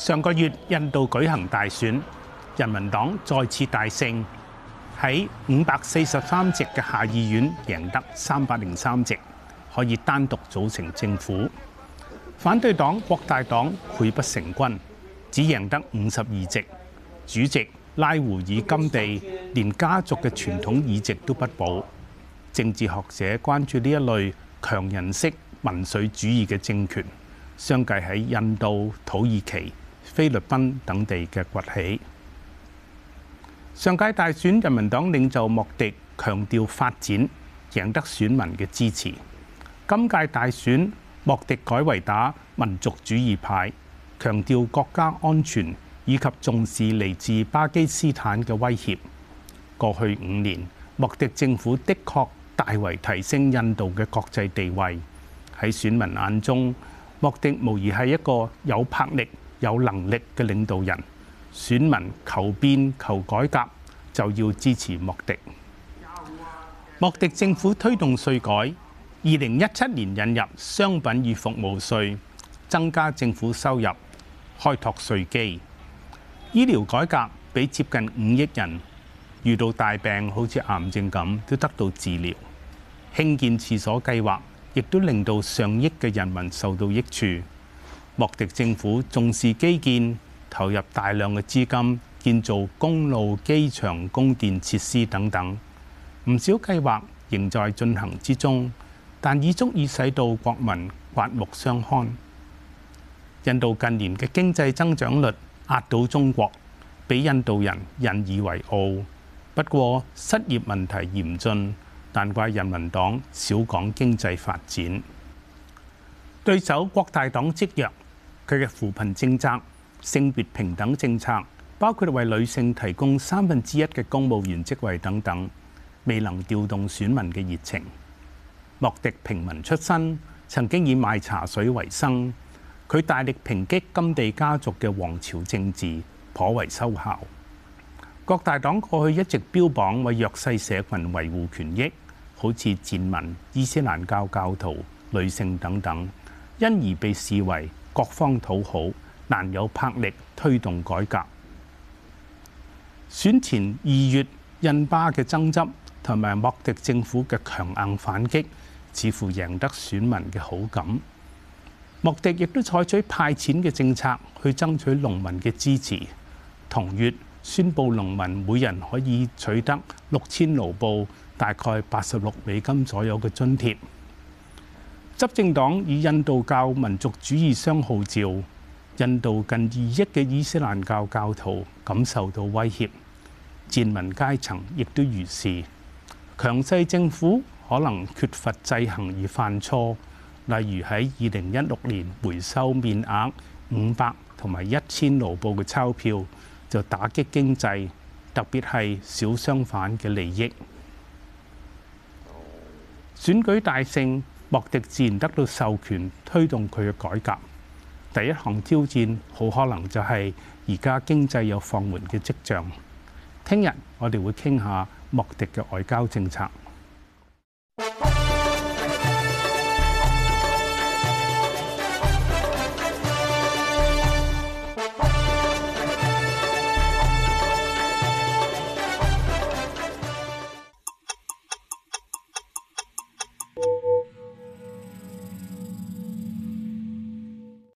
上個月印度舉行大選，人民黨再次大勝，喺五百四十三席嘅下議院贏得三百零三席，可以單獨組成政府。反對黨國大黨潰不成軍，只贏得五十二席。主席拉胡爾甘地連家族嘅傳統議席都不保。政治學者關注呢一類強人式民粹主義嘅政權，相繼喺印度、土耳其、菲律賓等地嘅崛起。上屆大選，人民黨領袖莫迪強調發展，贏得選民嘅支持。今屆大選，莫迪改為打民族主義牌，強調國家安全以及重視嚟自巴基斯坦嘅威脅。過去五年，莫迪政府的確大為提升印度嘅國際地位。喺選民眼中，莫迪無疑係一個有魄力。有能力嘅領導人，選民求變求改革，就要支持莫迪。莫迪政府推動稅改，二零一七年引入商品與服務稅，增加政府收入，開拓稅基。醫療改革俾接近五億人遇到大病，好似癌症咁都得到治療。興建廁所計劃亦都令到上億嘅人民受到益處。莫迪政府重視基建，投入大量嘅資金建造公路、機場、供電設施等等，唔少計劃仍在進行之中，但已足以使到國民刮目相看。印度近年嘅經濟增長率壓倒中國，俾印度人引以為傲。不過失業問題嚴峻，但怪人民黨少講經濟發展。對手國大黨積弱，佢嘅扶貧政策、性別平等政策，包括為女性提供三分之一嘅公務員職位等等，未能調動選民嘅熱情。莫迪平民出身，曾經以賣茶水為生，佢大力抨擊甘地家族嘅皇朝政治，頗為收效。國大黨過去一直標榜為弱勢社群維護權益，好似賤民、伊斯蘭教教徒、女性等等。因而被視為各方討好，難有魄力推動改革。選前二月印巴嘅爭執同埋莫迪政府嘅強硬反擊，似乎贏得選民嘅好感。莫迪亦都採取派錢嘅政策去爭取農民嘅支持。同月宣布農民每人可以取得六千盧布，大概八十六美金左右嘅津貼。執政黨以印度教民族主義相號召，印度近二億嘅伊斯蘭教教徒感受到威脅，賤民階層亦都如是。強勢政府可能缺乏制衡而犯錯，例如喺二零一六年回收面額五百同埋一千盧布嘅鈔票，就打擊經濟，特別係小商販嘅利益。選舉大勝。莫迪自然得到授權推動佢嘅改革。第一項挑戰好可能就係而家經濟有放緩嘅跡象。聽日我哋會傾下莫迪嘅外交政策。